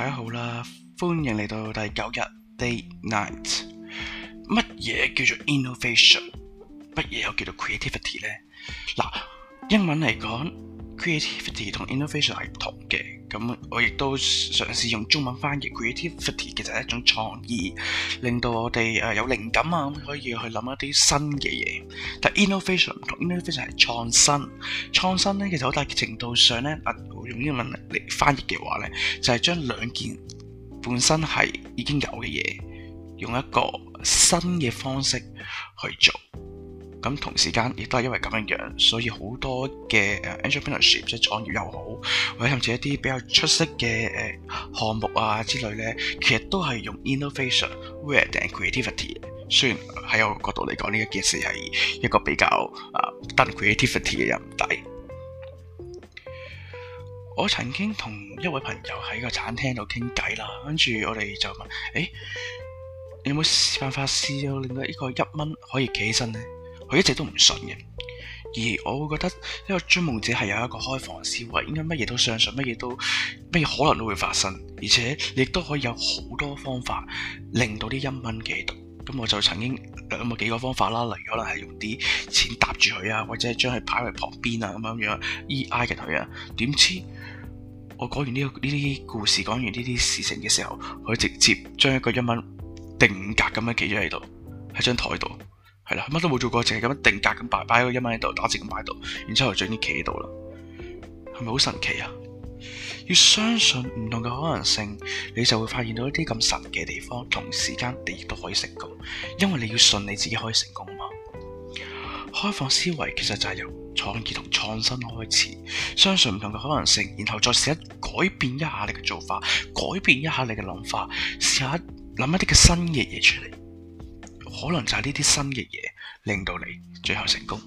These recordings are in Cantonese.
大家好啦，歡迎嚟到第九日 Day Night。乜嘢叫做 innovation？乜嘢又叫做 creativity 呢？嗱，英文嚟講，creativity 同 innovation 係唔同嘅。咁我亦都嘗試用中文翻譯 creativity，其實係一種創意，令到我哋誒有靈感啊，咁可以去諗一啲新嘅嘢。但 innovation 唔同 innovation 係創新，創新呢其實好大程度上呢。用呢個能力嚟翻譯嘅話咧，就係、是、將兩件本身係已經有嘅嘢，用一個新嘅方式去做。咁同時間亦都係因為咁樣樣，所以好多嘅誒 entrepreneurship 即係創業又好，或者甚至一啲比較出色嘅誒項目啊之類咧，其實都係用 innovation、will 定 creativity。雖然喺我角度嚟講，呢一件事係一個比較啊單 creativity 嘅任務。我曾經同一位朋友喺個餐廳度傾偈啦，跟住我哋就問，誒你有冇辦法試到令到呢個一蚊可以企起身呢？佢一直都唔信嘅。而我會覺得呢個追夢者係有一個開放思維，應該乜嘢都相信，乜嘢都乜嘢可能都會發生，而且亦都可以有好多方法令到啲一蚊企到。咁我就曾經諗過幾個方法啦，例如可能係用啲錢搭住佢啊，或者係將佢擺喺旁邊啊，咁樣樣依挨緊佢啊。點知我講完呢個呢啲故事，講完呢啲事情嘅時候，佢直接將一個一蚊定格咁樣企咗喺度，喺張台度，係啦，乜都冇做過，淨係咁樣定格咁擺擺個一蚊喺度，打直咁擺度，然之後就將啲企喺度啦。係咪好神奇啊？要相信唔同嘅可能性，你就會發現到一啲咁神奇嘅地方。同時間你亦都可以成功，因為你要信你自己可以成功嘛。開放思維其實就係由創意同創新開始，相信唔同嘅可能性，然後再試一改變一下你嘅做法，改變一下你嘅諗法，試下諗一啲嘅新嘅嘢出嚟，可能就係呢啲新嘅嘢令到你最後成功。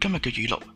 今日嘅語錄。